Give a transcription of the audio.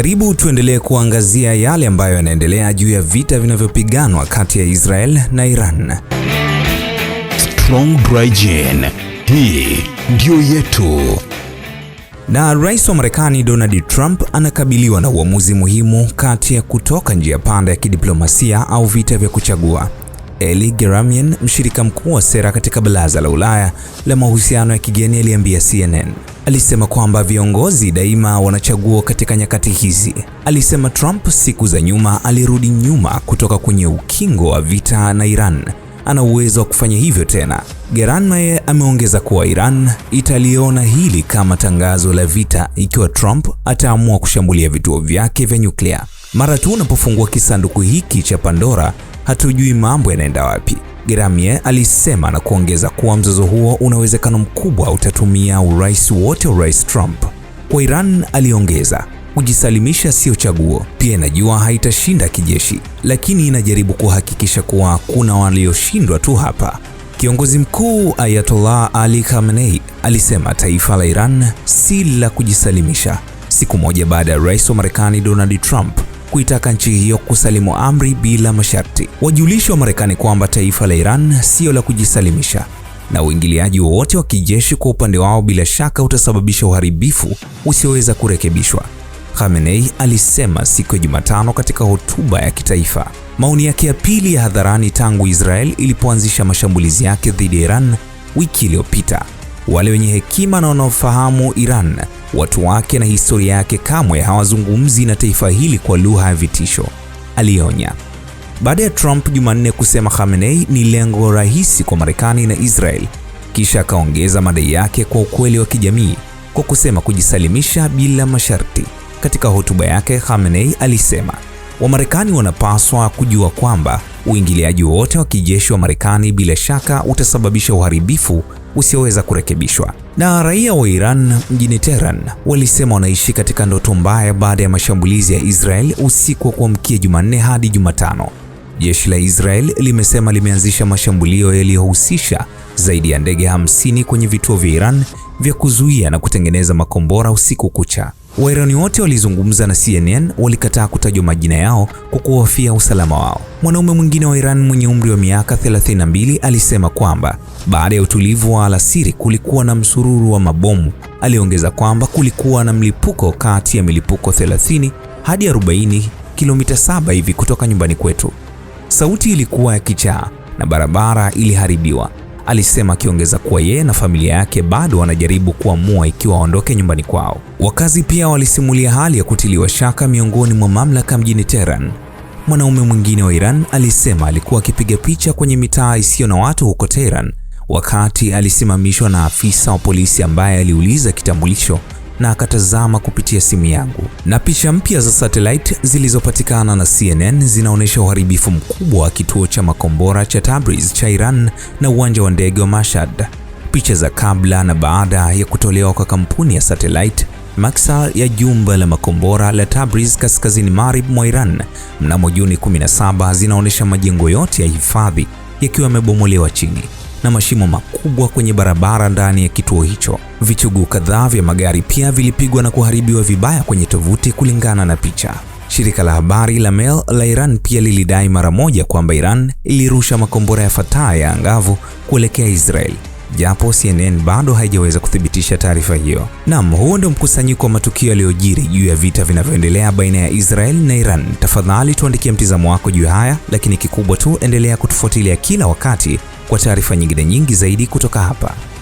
Karibu tuendelee kuangazia yale ambayo yanaendelea juu ya vita vinavyopiganwa kati ya Israel na Iran. Strong Dry Gin, hii ndiyo yetu. Na rais wa Marekani Donald Trump anakabiliwa na uamuzi muhimu kati ya kutoka njia panda ya kidiplomasia au vita vya kuchagua. Eli Geramian, mshirika mkuu wa sera katika Baraza la Ulaya la mahusiano ya kigeni, aliambia CNN alisema kwamba viongozi daima wanachagua katika nyakati hizi. Alisema Trump siku za nyuma alirudi nyuma kutoka kwenye ukingo wa vita na Iran ana uwezo wa kufanya hivyo tena. naye ameongeza kuwa Iran italiona hili kama tangazo la vita ikiwa Trump ataamua kushambulia vituo vyake vya nyuklia. Mara tu unapofungua kisanduku hiki cha Pandora, hatujui mambo yanaenda wapi, geramie alisema na kuongeza kuwa mzozo huo una uwezekano mkubwa utatumia urais wote wa Rais Trump. Kwa Iran, aliongeza, kujisalimisha sio chaguo. Pia inajua haitashinda kijeshi, lakini inajaribu kuhakikisha kuwa kuna walioshindwa tu hapa. Kiongozi mkuu Ayatollah Ali Khamenei alisema taifa la Iran si la kujisalimisha. Siku moja baada ya rais wa Marekani Donald Trump kuitaka nchi hiyo kusalimu amri bila masharti. Wajulishi wa Marekani kwamba taifa la Iran sio la kujisalimisha na uingiliaji wowote wa kijeshi kwa upande wao bila shaka utasababisha uharibifu usioweza kurekebishwa. Khamenei alisema siku ya Jumatano katika hotuba ya kitaifa. Maoni yake ya pili ya hadharani tangu Israel ilipoanzisha mashambulizi yake dhidi ya Iran wiki iliyopita. Wale wenye hekima na wanaofahamu Iran, watu wake na historia yake, kamwe hawazungumzi na taifa hili kwa lugha ya vitisho, alionya. Baada ya Trump Jumanne kusema Khamenei ni lengo rahisi kwa Marekani na Israel, kisha akaongeza madai yake kwa ukweli wa kijamii kwa kusema kujisalimisha bila masharti. Katika hotuba yake, Khamenei alisema Wamarekani wanapaswa kujua kwamba Uingiliaji wowote wa kijeshi wa Marekani bila shaka utasababisha uharibifu usioweza kurekebishwa. Na raia wa Iran mjini Tehran walisema wanaishi katika ndoto mbaya baada ya mashambulizi ya Israel usiku wa kuamkia Jumanne hadi Jumatano. Jeshi la Israel limesema limeanzisha mashambulio yaliyohusisha zaidi ya ndege 50 kwenye vituo vya Iran vya kuzuia na kutengeneza makombora usiku kucha. Wairani wote walizungumza na CNN walikataa kutajwa majina yao kwa kuhofia usalama wao. Mwanaume mwingine wa Iran mwenye umri wa miaka 32 alisema kwamba baada ya utulivu wa alasiri kulikuwa na msururu wa mabomu. Aliongeza kwamba kulikuwa na mlipuko kati ya milipuko 30 hadi 40 kilomita saba hivi kutoka nyumbani kwetu. Sauti ilikuwa ya kichaa na barabara iliharibiwa alisema akiongeza kuwa yeye na familia yake bado wanajaribu kuamua ikiwa waondoke nyumbani kwao. Wakazi pia walisimulia hali ya kutiliwa shaka miongoni mwa mamlaka mjini Tehran. Mwanaume mwingine wa Iran alisema alikuwa akipiga picha kwenye mitaa isiyo na watu huko Tehran wakati alisimamishwa na afisa wa polisi ambaye aliuliza kitambulisho na akatazama kupitia simu yangu, na picha mpya za satellite zilizopatikana na CNN zinaonyesha uharibifu mkubwa wa kituo cha makombora cha Tabriz cha Iran na uwanja wa ndege wa Mashhad. Picha za kabla na baada ya kutolewa kwa kampuni ya satellite Maxar ya jumba la makombora la Tabriz kaskazini marib mwa Iran mnamo Juni 17 zinaonyesha majengo yote ya hifadhi yakiwa yamebomolewa chini na mashimo makubwa kwenye barabara ndani ya kituo hicho. Vichuguu kadhaa vya magari pia vilipigwa na kuharibiwa vibaya kwenye tovuti, kulingana na picha. Shirika la habari la Mail la Iran pia lilidai mara moja kwamba Iran ilirusha makombora ya fataa ya angavu kuelekea Israel, japo CNN bado haijaweza kuthibitisha taarifa hiyo. Naam, huo ndio mkusanyiko wa matukio yaliyojiri juu ya vita vinavyoendelea baina ya Israel na Iran. Tafadhali tuandikie mtizamo wako juu haya, lakini kikubwa tu endelea kutufuatilia kila wakati kwa taarifa nyingine nyingi zaidi kutoka hapa